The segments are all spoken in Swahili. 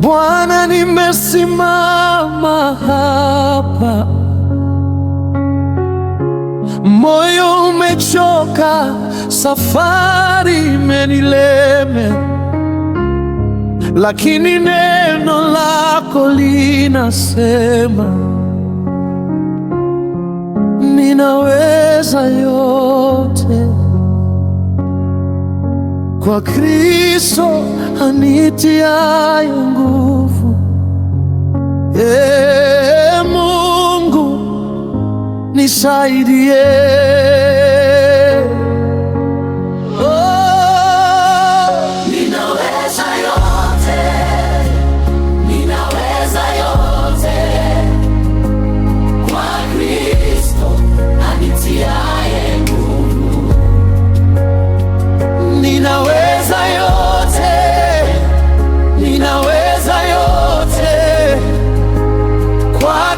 Bwana, nimesimama hapa, moyo umechoka, safari imenileme, lakini neno lako linasema ninaweza yote kwa Kristo anitiayo nguvu. Ee Mungu nisaidie.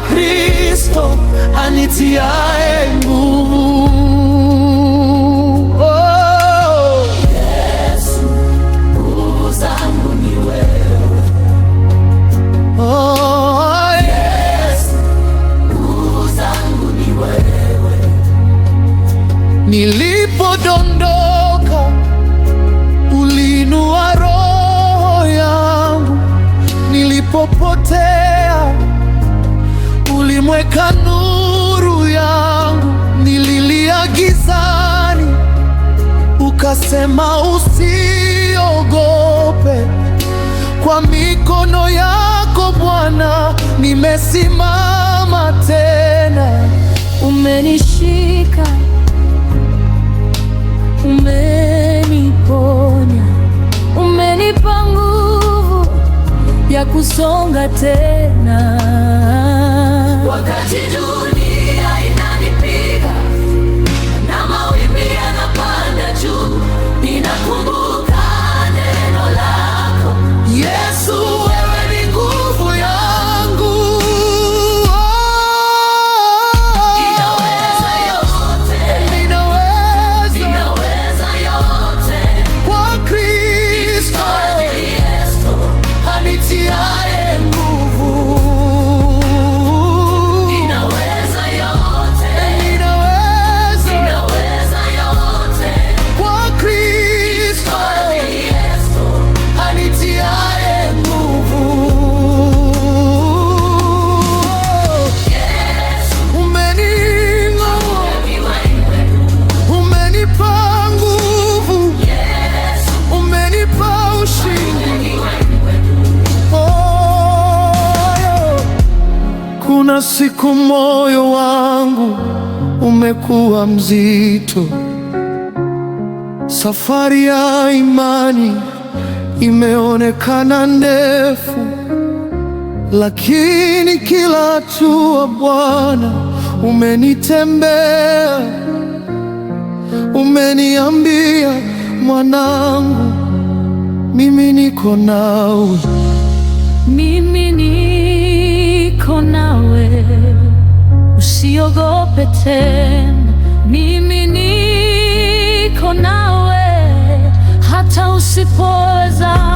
Kristo anitiae nguvu. Oh, oh, oh. ni wewe. ni wewe. Nilipodondoka kanuru nuru yangu, nililia gizani, ukasema usiogope. Kwa mikono yako Bwana, nimesimama tena. Umenishika, umeniponya, umenipa nguvu ya kusonga tena wakati juu Kuna siku moyo wangu umekuwa mzito, safari ya imani imeonekana ndefu, lakini kila hatua Bwana umenitembea, umeniambia, mwanangu, mimi niko nawe, mimi ni niko nawe, usiogope tena, mimi niko nawe hata usipoweza.